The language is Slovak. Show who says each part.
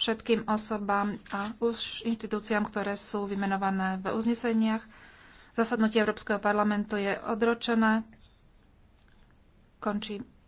Speaker 1: všetkým osobám a už inštitúciám, ktoré sú vymenované v uzneseniach. Zasadnutie Európskeho parlamentu je odročené.
Speaker 2: Končím.